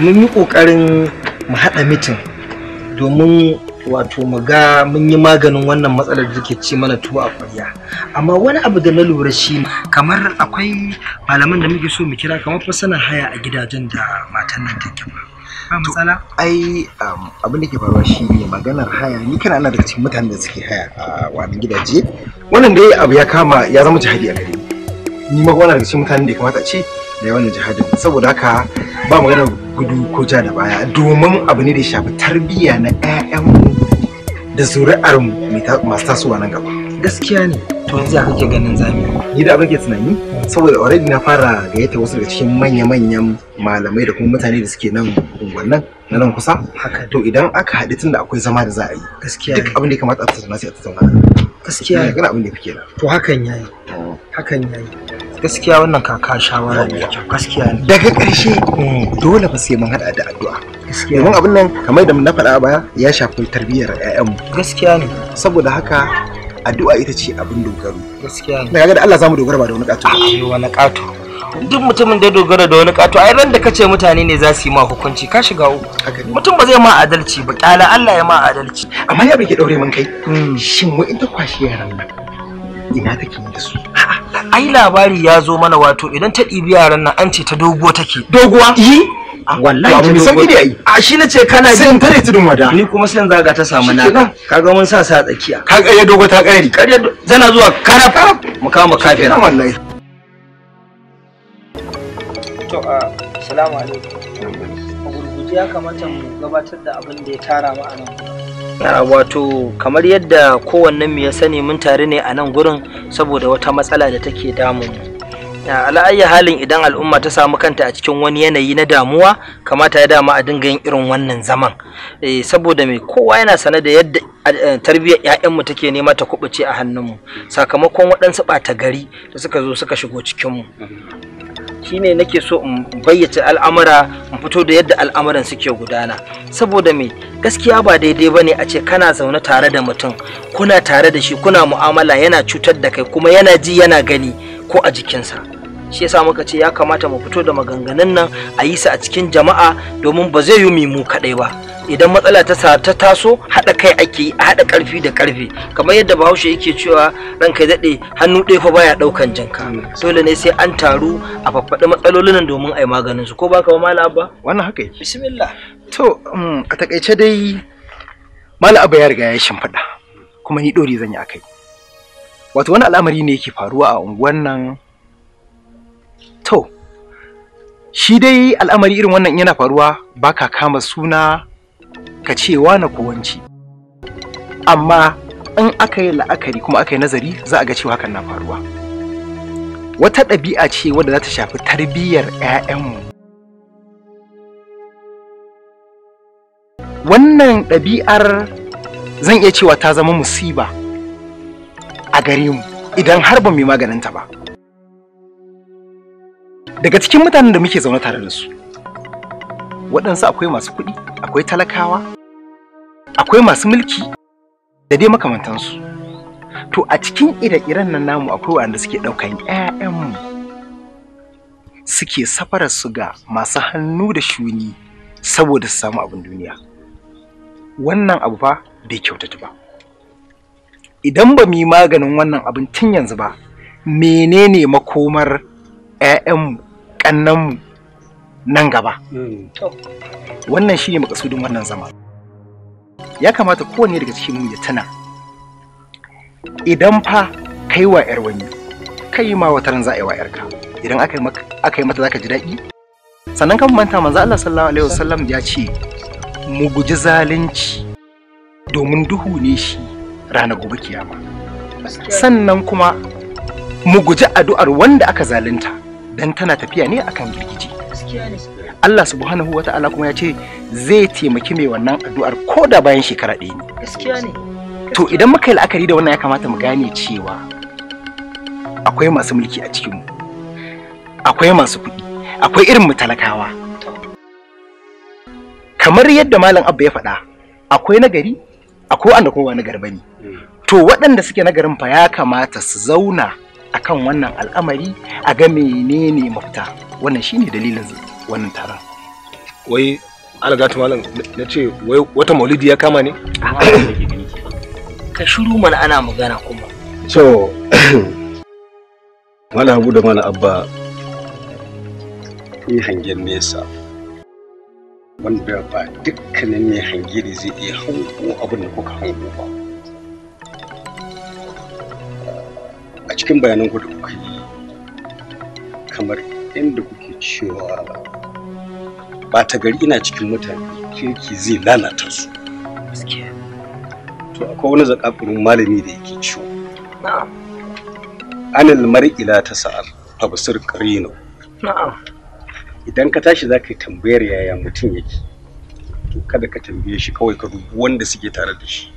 mun yi ƙoƙarin mu haɗa mitin domin wato mu ga mun yi maganin wannan matsalar da take ci mana tuwa a ƙwarya amma wani abu da na lura shi kamar akwai malaman da muke so mu kira kamar fa sana haya a gidajen da matan nan take ba matsala ai um, abin da ke faruwa shi ne maganar haya ni kana ana daga cikin mutanen da suke haya a wannan gidaje wannan dai abu ya kama ya zama jihadi a gare ni ma wannan daga cikin mutanen da ya kamata a ce da wannan jihadin saboda haka ba magana gudu ko ja da baya domin abu ne da shafi tarbiyya na 'ya'yanmu da zuri'armu masu tasowa nan gaba gaskiya ne to yanzu ya kake ganin zami ni da abin ke tunani saboda already na fara gayyata wasu daga cikin manya-manyan malamai da kuma mutane da suke nan unguwannan na nan kusa haka to idan aka haɗu tun da akwai zama da za a yi gaskiya duk abin da ya kamata a tattauna sai a tattauna gaskiya ne kana abin da kake to hakan yayi oh. hakan yayi gaskiya wannan kaka shawara ne gaskiya daga ƙarshe hmm. dole ba sai mun hada da addu'a gaskiya mun abin nan kamar da na faɗa ba ya shafi tarbiyyar ƴaƴanmu gaskiya ne saboda haka addu'a ita ce abin dogaro gaskiya ne daga da Allah zamu dogara ba da wani ƙato ba wani ƙato duk mutumin da ya dogara da wani ƙato ai ran da kace mutane ne za su yi ma hukunci ka shiga uku mutum ba zai ma adalci ba kyala Allah ya ma adalci amma ya bai ke daure min kai hmm. shin in ta kwashi yaran nan ina take da su ai labari ya zo mana wato idan ta ɗibi yaran nan an ce ta doguwa take doguwa yi ah, wallahi ta dogo ne a shi na ce kana jin tare tudun wada ni kuma sai zaga ta samu na kaga mun sa sa tsakiya ka ƙarya dogo ta ƙarya ƙarya zana zuwa kara mu kama kafira wallahi to a ah, salamu alaikum a gurguje ya kamata mu gabatar da abin da ya tara mu a nan wato kamar yadda kowannen mu ya sani mun tare ne a nan gurin saboda wata matsala da take damu ala'ayya halin idan al'umma ta samu kanta a cikin wani yanayi na damuwa kamata ya dama a dinga yin irin wannan zaman e, saboda mai kowa yana sane da yadda tarbiyyar 'ya'yanmu take nema ta kubuce a hannunmu sakamakon waɗansu ɓata gari da suka zo suka shigo cikinmu shine nake so in bayyace al'amura in fito da yadda al'amuran suke gudana saboda me gaskiya ba daidai bane a ce kana zaune tare da mutum kuna tare da shi kuna mu'amala yana cutar da kai kuma yana ji yana gani ko a jikinsa shi yasa muka ce ya kamata mu fito da maganganun nan a yi su a cikin jama'a domin ba zai yi mu kaɗai ba idan matsala ta ta taso haɗa kai ake a haɗa ƙarfi da ƙarfi kamar yadda bahaushe yake cewa ran kai daɗe hannu ɗaya fa baya ɗaukan jinka dole ne sai an taru a faffaɗi matsalolin domin a yi maganin su ko ba ka mala abba wannan haka yake bismillah to um, a taƙaice dai mala abba ya riga ya shimfiɗa kuma ni ɗori zan yi akai wato wani al'amari ne yake faruwa a unguwan nan to shi dai al'amari irin wannan yana faruwa baka kama suna ka ce na kowanci, amma in aka yi la'akari kuma aka yi nazari za a ga cewa hakan na faruwa wata ɗabi'a ce wadda za ta shafi tarbiyyar 'ya'yanmu wannan ɗabi'ar zan iya cewa ta zama musiba a gare mu idan har ba mu yi maganinta ba daga cikin mutanen da muke zaune tare da su waɗansu akwai masu kuɗi akwai talakawa akwai masu mulki da dai makamantansu to a cikin ire-iren nan namu akwai waɗanda suke ɗaukan 'ya'yanmu suke safarar su ga masu hannu da shuni saboda su samu abin duniya wannan abu fa bai kyautatu ba idan ba mu maganin wannan abin tun yanzu ba menene makomar 'ya'yanmu ƙannanmu nan gaba mm. wannan shi ne makasudin wannan zama ya kamata kowane daga cikin mu ya tuna idan fa kai wa yar wani kai ma wata ran za a yi wa yarka idan aka yi mata za ka ji daɗi sannan kan manta manzo Allah sallallahu alaihi wasallam ya ce mu guji zalunci domin duhu ne shi rana gobe kiyama sannan kuma mu guji addu'ar wanda aka zalunta dan tana tafiya ne akan girgije Allah subhanahu wa ta'ala kuma ya ce zai taimaki mai wannan addu'ar ko da bayan shekara ɗaya ne gaskiya ne to idan muka yi la'akari da wannan ya kamata mu gane cewa akwai masu mulki a cikinmu akwai masu kuɗi akwai irin mu talakawa kamar yadda malam abba ya faɗa akwai nagari akwai wanda kowa na nagari ne. Hmm. to waɗanda suke nagarin fa ya kamata su zauna akan wannan al'amari a ga menene mafita wannan shine dalilin wannan taron wai algatu malam na ce wai wata maulidi ya kama ne ka shiru mana ana magana kuma so mana abu da mana abba ni hangen nesa wanda ba dukkanin mai hangiri zai iya hango abin da kuka hango ba cikin bayanan ku da kuka yi kamar inda kuke cewa ba ta gari ina cikin mutane kirki zai lalata su to akwai wani zakakurin malami da yake ciwo anil mar'ila ta sa'ar abusir karino idan ka tashi za tambayar yaya mutum yake to kada ka tambaye shi kawai ka dubi wanda suke tare da shi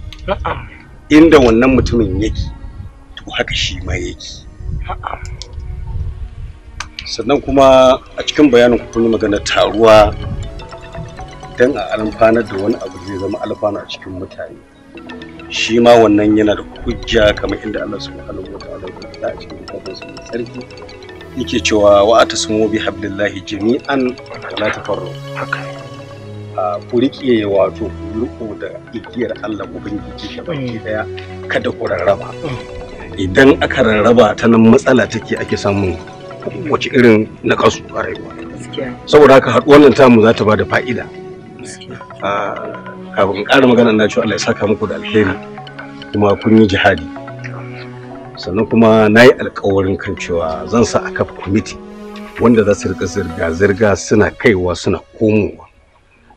inda wannan mutumin yake haka shi ma yake sannan kuma a cikin bayanin ku kun magana taruwa don a alfanar da wani abu zai zama alfana a cikin mutane shi ma wannan yana da hujja kamar inda Allah subhanahu wa ta'ala ya faɗa a cikin kitabun sa sarki yake cewa wa atasmu bi hablillahi jami'an wa la tafarru haka a ku riƙe wato ku da igiyar Allah ubangiji gaba ki daya mm. kada ku rarraba mm. idan aka rarraba ta nan matsala take ake samun wace irin na kasu a rayuwa saboda haka haɗuwar nan tamu za ta ba da fa'ida ah, kafin ƙara magana na ce Allah ya saka muku da alheri kuma kun yi jihadi sannan kuma na yi alkawarin kan cewa zan sa a kafa kwamiti wanda za su rika zirga-zirga suna kaiwa suna komowa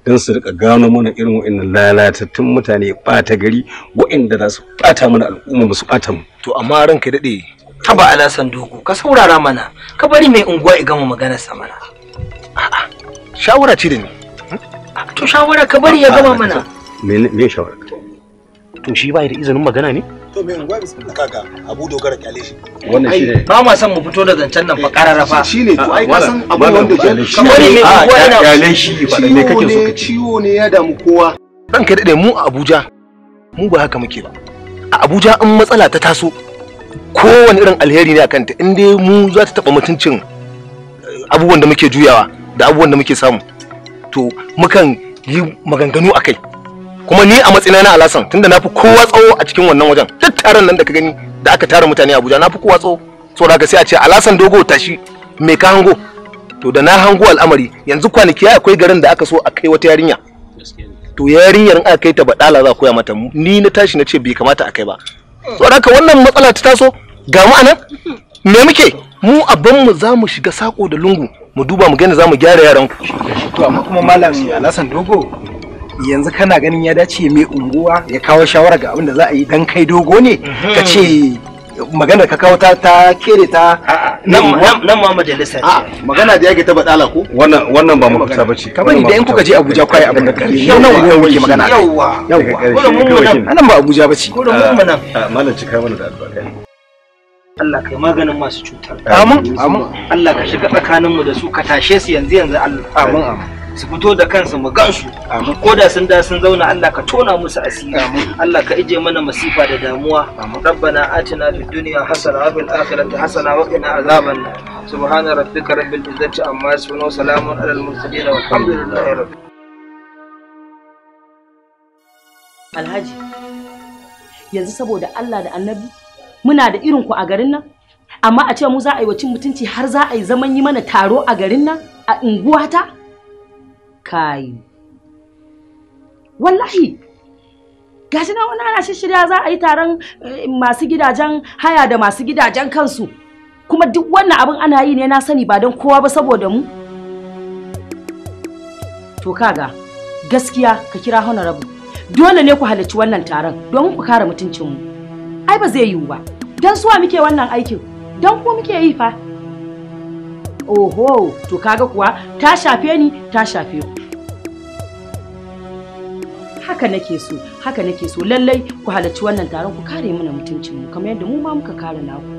don su rika gano mana irin wa'annan lalatattun mutane bata gari wa'anda za su bata mana al'umma su bata mu to amma ranka dade taba alasan dogo ka saurara mana ka bari mai unguwa ya gama maganar sa mana a'a shawara ce da ni to shawara ka bari ya gama mana me me shawara to shi bai da izinin magana ne to me ngwa bismillah kaga abu dogara kyale shi wannan ne ba ma san mu fito da zancen nan fa karara eh, fa ne to ai ka san abu wanda kyale shi wani ne unguwa yana kyale shi ba ne? kake so ka ciwo ne ya damu kowa dan ka dade mu a Abuja mu ba haka muke ba a Abuja in matsala ta taso kowane irin alheri ne akan ta in dai mu za ta taba mutuncin eh, abubuwan da muke juyawa da abubuwan da muke samu to mukan yi maganganu akai kuma ni a matsina na alasan tunda na fi kowa tsawo a cikin wannan wajen duk taron nan da ka gani da aka tara mutane abuja na fi kowa tsawo so daga sai a ce alasan dogo tashi me ka hango to da na hango al'amari yanzu kwanaki akwai garin da aka so a kai wata yarinya to yarinyar aka kai ta badala za koya mata ni na tashi na ce bai kamata a kai ba so daga wannan matsala ta taso ga mu anan me muke mu abin mu za mu shiga sako da lungu mu duba mu gani za mu gyara yaran ku to amma kuma malam alasan dogo yanzu kana ganin ya dace mai unguwa ya kawo shawara ga abin da za a yi dan kai dogo ne mhm. ka ce magana ka kawo ta ta kere ta nan ma majalisa ce magana da yake ta badala ko wannan wannan ba mafita bace kamar idan kuka je Abuja ai abin da kare yau nan wurin wuke magana yawa yawa nan ba Abuja bace ko mun nan ah, ah, mallan cika mana da albarka Allah kai maganin masu cutar amin amin Allah ka shiga tsakaninmu da su ka tashe su yanzu yanzu Allah amin amin su fito da kansu mu gansu ko da sun da sun zauna Allah ka tona musu asiri Allah ka ije mana masifa da damuwa rabbana atina fid dunya hasana wa fil akhirati hasana wa qina azaban nar subhana rabbika rabbil izzati amma yasifun wa salamun alal mursalin walhamdulillahi rabbil Alhaji yanzu saboda Allah da Annabi muna da irin ku a garin nan amma a ce mu za a yi wacin mutunci har za a yi zaman yi mana taro a garin nan a unguwata kai wallahi gashi na wani ana shirya za a yi taron eh, masu gidajen haya da masu gidajen kansu kuma duk wannan abin ana yi ne na sani ba don kowa ba saboda mu to kaga gaskiya ka kira honorable dole ne ku halarci wannan taron domin ku kare mutuncinmu ai ba zai yiwu ba don suwa muke wannan aikin don ku muke yi fa oho to kaga kuwa ta shafe ni ta shafe ku haka nake so haka nake so lallai ku halarci wannan taron ku kare mana mutuncin mu kamar yadda mu ma muka kare naku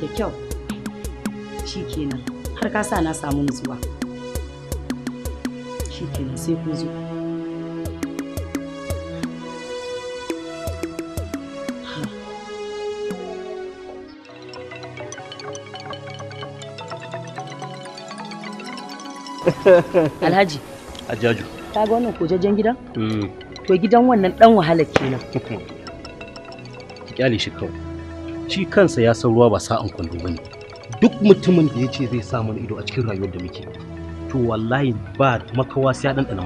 da kyau shikenan har ka sa na samu nutsuwa shikenan sai ku zo alhaji ajaju Ka ga wannan kojajen gidan? Mm. To gidan wannan dan wahala kenan. Ki kyale shi kawai. Shi kansa ya san ruwa ba sa'an kwando bane. Duk mutumin da ya ce zai sa mana ido a cikin rayuwar da muke. To wallahi ba makawa sai ya dan dana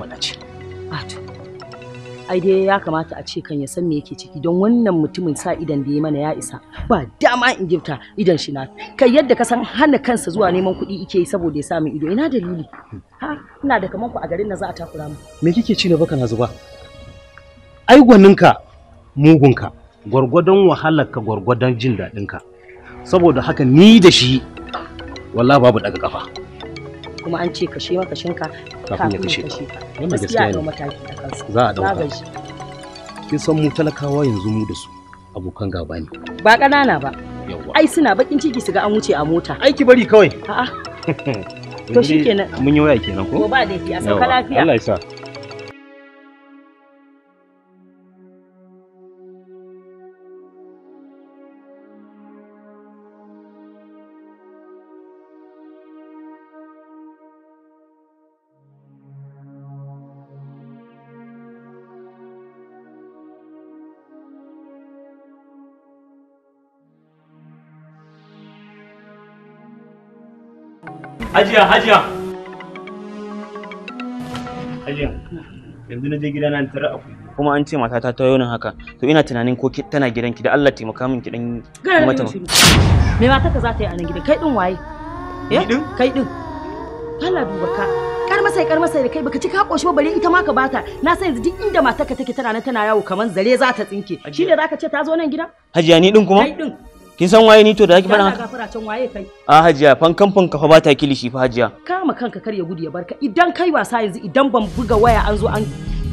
ai dai ya kamata a ce kan ya san me yake ciki don wannan mutumin sa idan da ya mana ya isa ba dama in gifta idan shi na kai yadda ka san hana kansa zuwa neman kuɗi ike yi saboda ya samu ido ina dalili ha ina da kaman ku a garin na za a takura mu me kike ci na baka na zuba ai gwaninka mugunka gwargwadon ka gwargwadon jin ka saboda haka ni da shi wallahi babu daga kafa kuma an ce kashe maka shinka kafin ya kashe ka wannan gaskiya ne mataki da kansu za a dauka kin san mu talakawa yanzu mu da su abokan gaba ne ba kanana ba ai suna bakin ciki su ga an wuce a mota aiki bari kawai a'a to shikenan mun yi waya kenan ko ba da a sauka lafiya Allah ya sa Hajiya, hajiya. Hajiya, yanzu na je gida na tara aku. Kuma an ce matata ta yau haka. To ina tunanin ko tana gidanki da Allah taimaka min ki dan mata. Me ma taka za ta yi a nan gidan? Kai din waye? Kai din? Eh, kai din. Allah duba ka. Kar masai kar masai da kai baka ci ka koshi ba bare ita ma ka bata. Na san yanzu duk inda matarka take tana nan tana yawo kaman zare za ta tsinke. Shi ne zaka ce ta zo nan gida? Hajiya ni din kuma? Kai din. kin san waye ni to da zaki faɗa haka gafara can waye kai a ah, hajiya fan kamfan ka fa ta kilishi fa hajiya kama kanka kar ya gudu ya barka idan kai wasa yanzu idan ban buga waya an zo an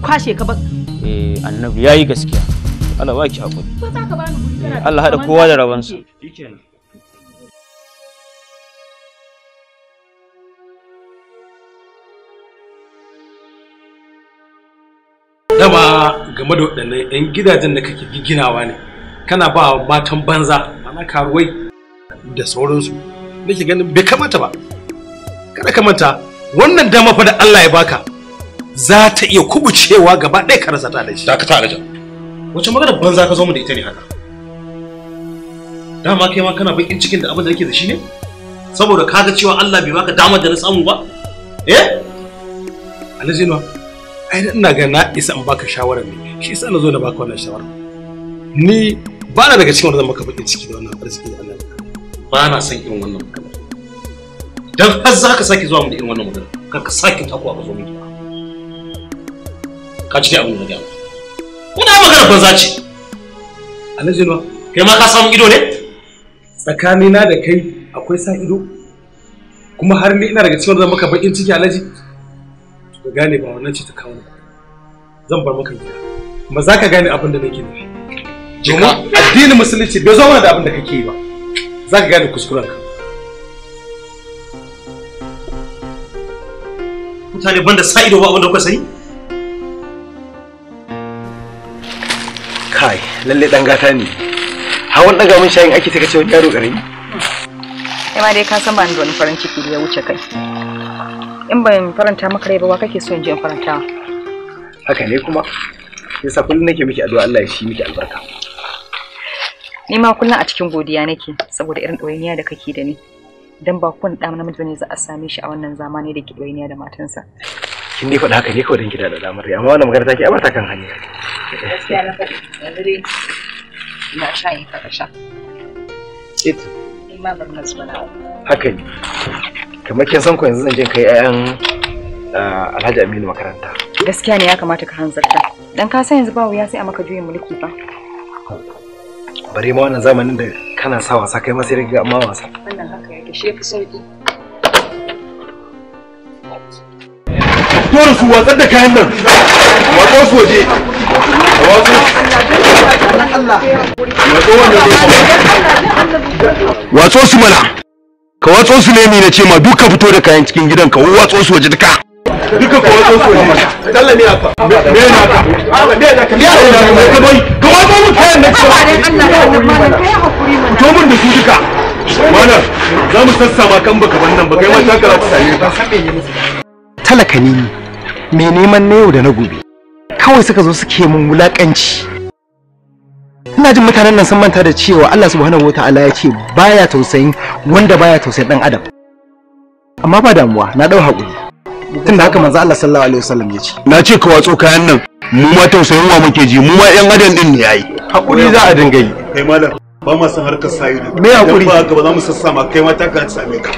kwashe ka ba eh annabi yayi gaskiya Allah baki hakuri ko za ka bani guri kana Allah hada kowa da rabansa dama game da waɗannan 'yan gidajen da kake ginawa ne kana ba matan banza ma'ana karuwai da sauransu nake ganin bai kamata ba kada ka manta wannan dama fa da Allah ya baka za ta iya kubucewa gaba ɗaya ka rasa ta da shi da ta alaja wace magana banza ka zo mu da ita ne haka dama kai ma kana bakin cikin da abin da kake da shi ne saboda ka ga cewa Allah bai baka damar da na samu ba eh alaji no ai ina ga na isa in baka shawara ne shi yasa na zo na baka wannan shawara ni ba na daga cikin wanda maka bakin ciki da wannan arziki da Allah ba na son irin wannan magana dan har za ka sake zuwa mu da irin wannan magana kar ka sake takuwa ka zo mu ka ci abin da gaba kuna magana banza ce Alhaji Nuwa kai ma ka samu ido ne tsakanina da kai akwai sa ido kuma har ni ina daga cikin wanda maka bakin ciki Alhaji ka gane ba wannan ce ta kawo zan bar maka gida ba za ka gane abin da nake nufi domin addinin musulunci bai zo mana da abin da kake yi ba za ka gane kuskurenka mutane banda sa ido ba abin da kuka sani kai lalle dan gata ne hawan ɗaga min shayin ake take cewa yaro karami kai ma dai ka san ba ni wani farin ciki da ya wuce kai in ban faranta maka rai ba wa kake so in je in faranta haka ne kuma yasa kullum nake miki addu'a Allah ya shi miki albarka ni ma kullum a cikin godiya nake saboda irin ɗoyiniya da kake da ni dan ba kun da namiji bane za a same shi a wannan zamani da ke ɗoyiniya da matansa kin dai faɗa haka ne kawai dan kida da damar amma wannan magana take a bata kan hanya gaskiya na faɗi yanzu dai ina sha yi ka sha it ma ban nasu bana haka ne kamar kin san ko yanzu zan je kai ayan ah, Alhaji Aminu makaranta gaskiya ne ya kamata ka hanzarta dan ka san yanzu ba wuya sai a maka juyin mulki ba bare ma wannan zamanin da kana sa wasa kai ma sai rage amma wasa wannan haka yake shi yafi sauki Dole su watsar da kayan nan, watsar su waje, watsar watso su mana ka watso su ne ni na ce ma duka fito da kayan cikin gidan ka watso su waje duka duka ko wasu so ne dalla ne aka me na ka me na ka me na ka me ka bai ka wato mun kayan na ka to mun da su duka mana za mu sassama kan baka wannan ba kai ma ta karatu sai ka. talaka ne me neman na yau da na gobe kawai suka zo suke mun wulakanci ina jin mutanen nan sun manta da cewa Allah subhanahu wata'ala ya baya tausayin wanda baya tausayin dan adam amma ba damuwa na dau haƙuri tunda haka manzo Allah sallallahu alaihi wasallam ya ce na ce ka watso kayan nan mu ma tausayin wa muke ji mu ma yan adam din ne yayi hakuri za a dinga yi kai malam ba ma san harkar sayi ne me hakuri ba ga ba za mu sassama kai ma ta ka same ka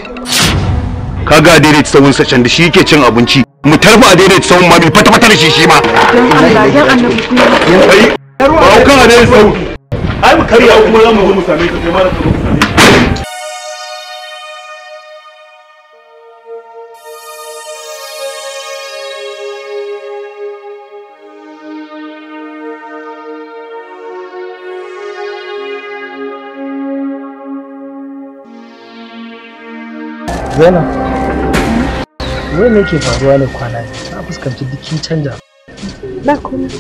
ka ga daidaita tsawon sa can da shi yake cin abinci mu tarba a daidaita tsawon ma bai fata fata da shi shi ma ba kan a daidaita tsawon ai mu karya kuma za mu zo mu same ka kai malam ka Zainab, wai ne ke faruwa ne kwana na fuskanci dukkin canja. Ba komai.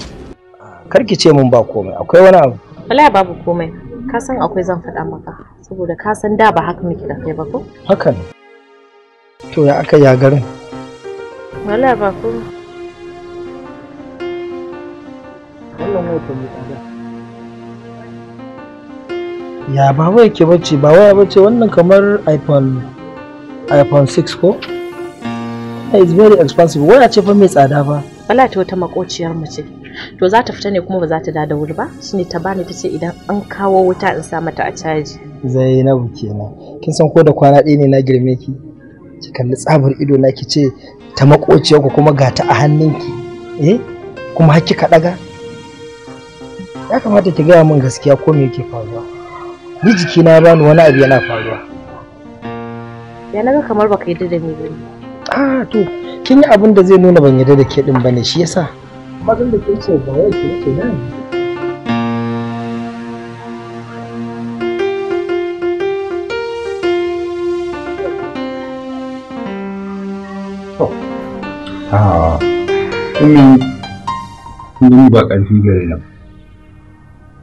Kar ki ce mun ba komai, akwai wani abu. Wallahi babu komai. Ka san akwai zan faɗa maka, saboda ka san da ba haka muke da kai ba ko? Haka ne. To ya aka ya garin? Wallahi ba komai. Wannan motar ne ɗaya. ya ba wai ke bace ba wai bace wannan kamar iphone iphone 6 ko it's very expensive waya ce fa mai tsada ba wala ta wata makociyar mu ce to za ta fita ne kuma ba za ta da da wuri ba shine ta bani ta ce idan an kawo wuta in sa mata a caji zainabu kenan kin san ko da kwana ɗaya ne na girme ki ki kalli tsabar ido na ki ce ta makociyar ku kuma ga ta a hannunki eh kuma har kika daga ya kamata ki gaya min gaskiya ko me yake faruwa ni jikina ya bani wani abu yana faruwa ya naga kamar baka yarda da ni ba ah to kin yi abin da zai nuna ban yadda da ke din bane shi yasa mazan da kin ce ba wai ke ce nan Ah, kun yi ba ƙarfi gare nan.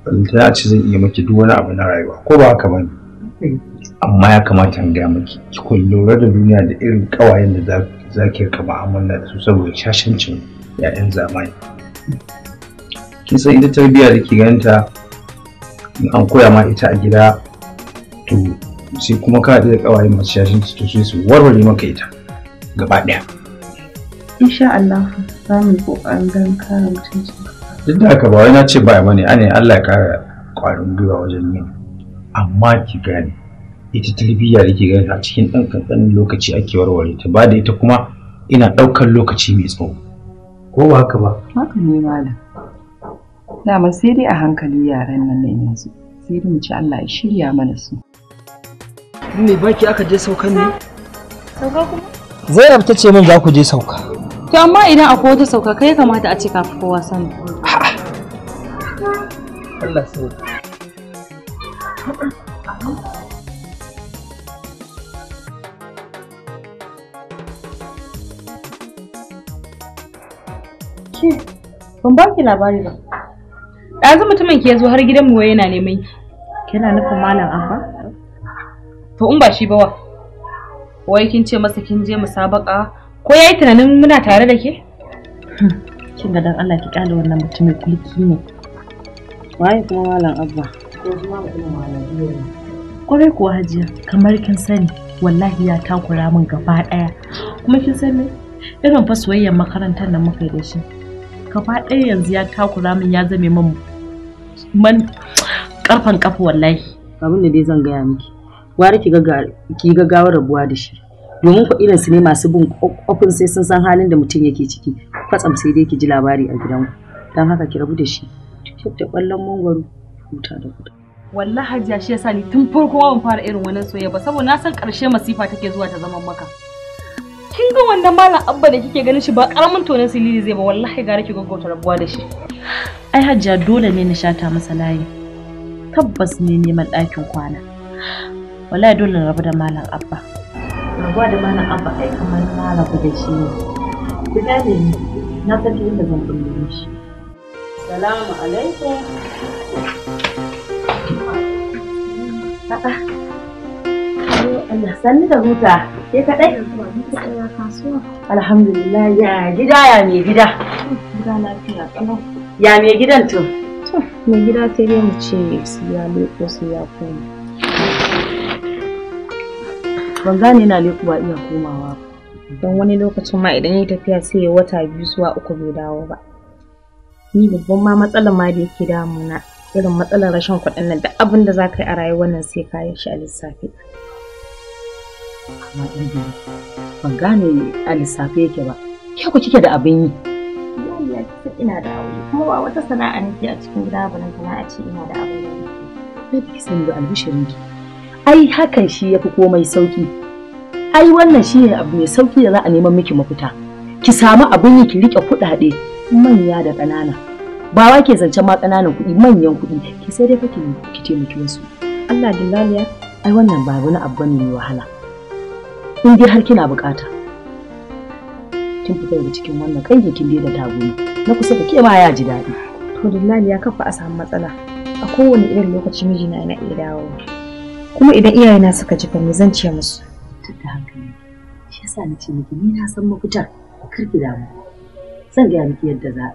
Ban ta ce zan iya maki duk wani abu na rayuwa, ko ba haka ba ne? Eh. amma ya kamata in gaya miki ki kun lura da duniya da irin kawayen da za ki rika mu'amala da su saboda shashancin yayan zamani kin san ita tarbiyya da ke ganta in an koya ma ita a gida to sai kuma ka da ƙawayen masu shashanci to sai su warware maka ita gaba daya insha Allah za mu kokarin gan kare mutunci duk da haka ba wai na ce ba ne ane Allah ya kara kwarin gwiwa wajen yin amma ki gane ita tarbiyya da ke gani a cikin ɗan ƙanƙanin lokaci ake warware ta ba da ita kuma ina ɗaukar lokaci mai tsawo ko ba haka ba haka ne malam dama sai dai a hankali yaran nan ne yanzu sai dai mu ci Allah ya shirya mana su me baki aka je saukan ne sauka kuma Zainab ta ce min za ku je sauka to amma idan akwai wata sauka kai kamata a ce kafin kowa sani Allah sai ce ban ba ki labari ba. Ɗazu mutumin ki ya zo har gidanmu wai yana neman ki. Kina nufin malam Abba? To in ba shi ba wa. Wai kin ce masa kin je musabaka ko yayi tunanin muna tare da ke? Kin ga dan Allah ki kyale wannan mutumin kulki ne. Waye kuma malam Abba? Ko kuma mutumin malam kwarai kuwa hajiya kamar kin sani wallahi ya takura min gaba daya kuma kin sani? irin fa soyayyar makarantar nan muka yi da shi gaba ɗaya yanzu ya takura min ya zame man man karfan kafa wallahi abin da dai zan gaya miki gwara ki ki gawar rabuwa da shi domin ku irin su ne masu bin kofin sai sun san halin da mutum yake ciki kwatsam sai dai ki ji labari a gidanku don haka ki rabu da shi ki da kwallon mangwaro huta da ku. wallahi hajiya shi yasa ni tun farko ban fara irin wannan soyayya ba saboda na san ƙarshe masifa take zuwa ta zaman maka kin ga wannan malam abba da kike ganin shi ba karamin tonin silili zai ba wallahi gara ki gaggauta rabuwa da shi ai hajja dole ne na shata masa layi tabbas ne neman ɗakin kwana wallahi dole na rabu da malam abba rabuwa da malam abba kai kamar na rabu da shi ne ku dade ni na tafi inda zan bullo shi salamu alaikum A'a, Allah sanni da huta. Ke kaɗai? Alhamdulillah ya gida ya mai gida. Ya mai gidan to? Mai gida sai dai mu ce su ya leko su ya koma. Ban gane yana leko ba iya komawa ba. Don wani lokacin ma idan ya tafiya sai ya wata biyu zuwa uku bai dawo ba. Ni babban ma matsalar ma da yake damuna irin matsalar rashin kuɗin nan da abin da za ka yi a rayuwar nan sai ka yi shi a lissafi. amma ɗan biyu ban gane a lissafe yake ba ke ku kike da abin yi ina da aure kuma ba wata sana'a nake a cikin gida ba nan sana'a ce ina da abin ne. nake ki sani da albishirin ki ai hakan shi yafi komai sauki ai wannan shi ne abu mai sauki da za a neman miki mafita ki samu abin yi ki rike kuɗaɗe manya da ƙanana ba wa ke zancen ma ƙananan kuɗi manyan kuɗi ki sai dai kake ki taimaki wasu Allah dillaliya ai wannan ba wani abu ne mai wahala in dai har kina bukata kin fita daga cikin wannan kanki kin da tagumi na kusa da ke ya ji daɗi to lillahi ya kafa a samu matsala a kowane irin lokaci mijina yana iya dawo kuma idan iyaye na suka ji me zan ce musu tada hankali shi yasa na ce miki ni na san mafitar kar ki damu zan gaya miki yadda za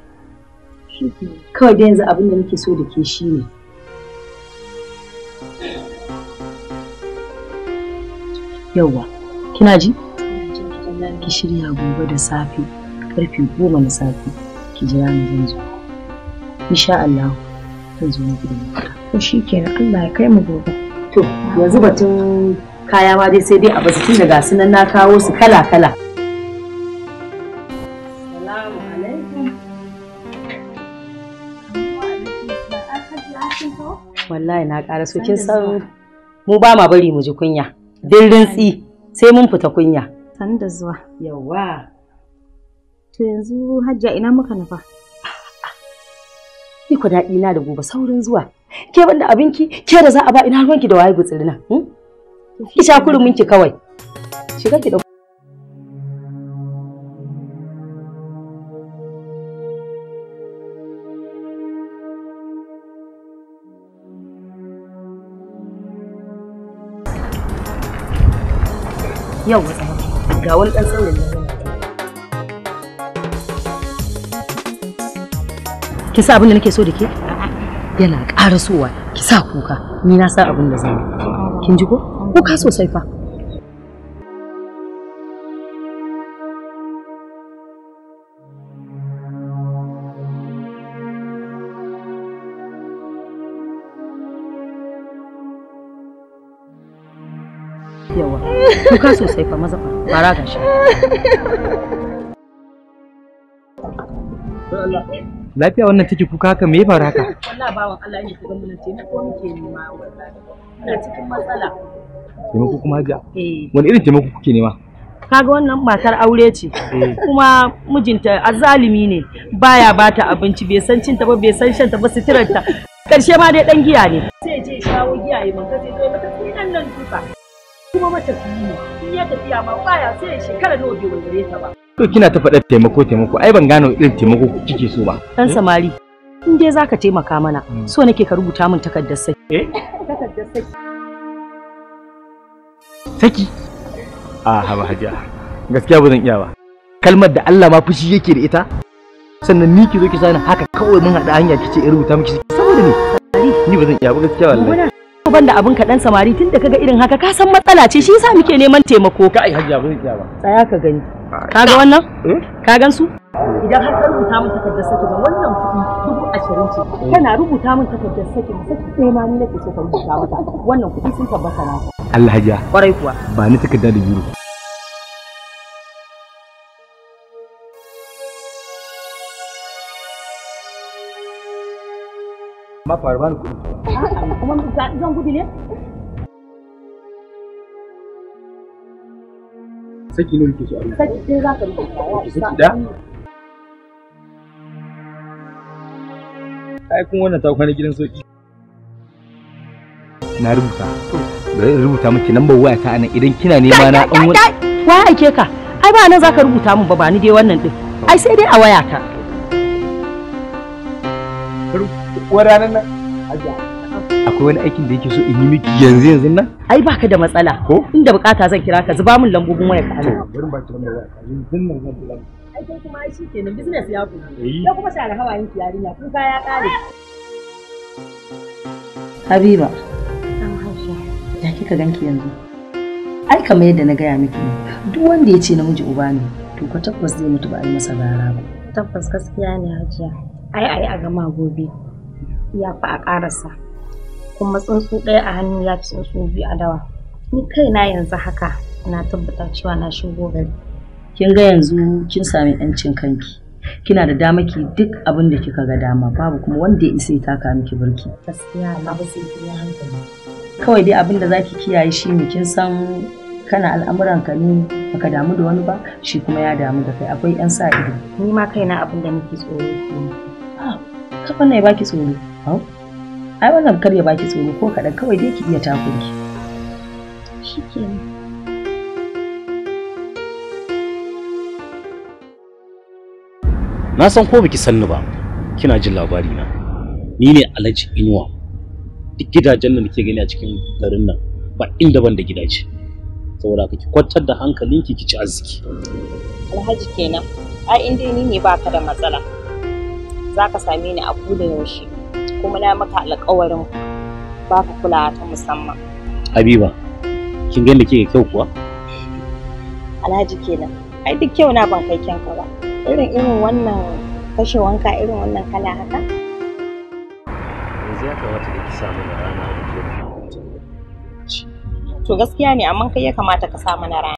kawai da yanzu abin da nake so da ke shi ne yawwa kina ji ki shirya gobe da safe karfe goma na safe ki jira ni zan zo insha Allah zan zo miki da mafita to shikenan Allah ya kai mu gobe to yanzu batun kaya ma dai sai dai a basu tun daga sunan na kawo su kala kala wallahi na ƙara so kin san mu ba ma bari mu ji kunya din tsi. sai mun fita kunya. San da zuwa. Yawa. To yanzu hajja ina muka nufa? Ni ku daɗi na da gobe saurin zuwa. Ke banda abinki, ke da za a ba ina ruwanki da waye gutsiri nan. Hmm? Ki sha kurumin ki kawai. Shiga ki da yau ga wani ɗan tsaunin nan yana ki sa abin da nake so da ke yana ƙara sowa ki sa kuka ni na sa abin da zan kin ji ko kuka sosai fa kuka sosai fa maza fara ga shi lafiya wannan take kuka haka me ya faru haka wallahi bawan Allah ne ka ce ko muke nema wallahi ina cikin matsala taimako kuma haja eh. wani irin taimako kuke nema kaga wannan matar aure ce eh. kuma mijinta azalimi ne baya bata abinci bai san cinta ba bai san shanta ba suturarta karshe ma dai dan giya ne sai je shawo giya ya ka zai zo kuma matafiyi ne in ya tafiya ma baya sai ya shekara nawa bai gare ta ba to kina ta faɗa taimako taimako ai ban gano irin taimako kike so ba dan eh? samari in dai zaka taimaka mana hmm. so nake ka rubuta min takardar saki eh takardar saki saki a ah, haba hajiya gaskiya ba zan iya ba kalmar da Allah ma fushi yake da ita sannan ni ki zo ki sani haka kawai mun haɗa hanya kice in rubuta miki saboda ne ni ba zan iya ba gaskiya wallahi da abin kaɗan samari tun da kaga irin haka ka san matsala ce shi yasa muke neman taimako kai hajjia ba ya ba tsaya ka gani kaga wannan eh? ka gan su idan har ka rubuta min takardar saki ba wannan kuɗi dubu ashirin ce eh. kana rubuta min takardar saki saki ɗaya ma ni nake so ka rubuta mata wannan kuɗi sun tabbata na Allah hajjia kwarai kuwa ba ni takardar da biyu ma fara bani kuɗi kuma zan gudu ne saki ne kike so a saki sai za ka rubuta saki da ai kun wannan ta kwana gidan sauki na rubuta bari in rubuta miki lambar waya ta anan idan kina nema na an wani wa aike ka ai ba nan zaka rubuta min ba ba ni dai wannan din ai sai dai a waya ta Uwar ranar nan. Akwai wani aikin da yake so in yi miki yanzu yanzu nan? Ai baka da matsala. Ko? Inda bukata zan kira ka zuba min lambobin wayar ka. Bari ba ki wannan wayar ka. Yanzu nan zan kira. Ai kuma ai shikenan business ya kuma. Ya eh. kuma share hawayen ki yarinya kuka ya kare. Habiba. Ya kika ganki yanzu? Ai kamar yadda na gaya miki ne. Duk wanda ya ce namiji uba ne to ka tabbas zai mutu ba a yi masa gara ba. Tabbas gaskiya ne hajiya. Ai ai a gama gobe. ya fi a ƙarasa kuma tsuntsu ɗaya a hannu ya ci tsuntsu biyu a dawa ni kaina yanzu haka na tabbata cewa na shigo gari kin ga yanzu kin sami yancin kanki kina da dama ki duk abin da kika ga dama babu kuma wanda ya isa ya taka miki burki gaskiya na ba sai kin hankali kawai dai abin da zaki kiyaye shine kin san kana al'amuran ka ne baka damu da wani ba shi kuma ya damu da kai akwai yan sa ido ni ma kaina abin da nake tsoro ke ah, ne kafa ne baki tsoro ai wannan kar ya baki tsoro ko kaɗan kawai dai ki iya takunki shikenan na san ko baki sanni ba kina jin labari na ni ne alhaji inuwa duk gidajen da ke gani a cikin garin nan ba inda ban da gidaje saboda haka ki kwantar da hankalinki ki ci arziki alhaji kenan ai inda ni ne baka da matsala zaka same ni a kudin yaushe kuma na maka alƙawarin ba ka kulawa ta musamman. Habiba, kin gan ke kyau kuwa? Alhaji kenan. Ai duk kyau na ban kai kyanka ba. Irin irin wannan kashe wanka irin wannan kala haka. Yanzu ya kamata da ki samu na rana To gaskiya ne amma kai ya kamata ka samu na rana.